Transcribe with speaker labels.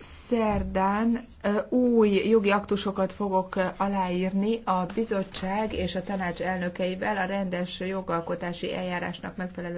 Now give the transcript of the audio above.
Speaker 1: Szerdán új jogi aktusokat fogok aláírni a bizottság és a tanács elnökeivel a rendes jogalkotási
Speaker 2: eljárásnak megfelelően.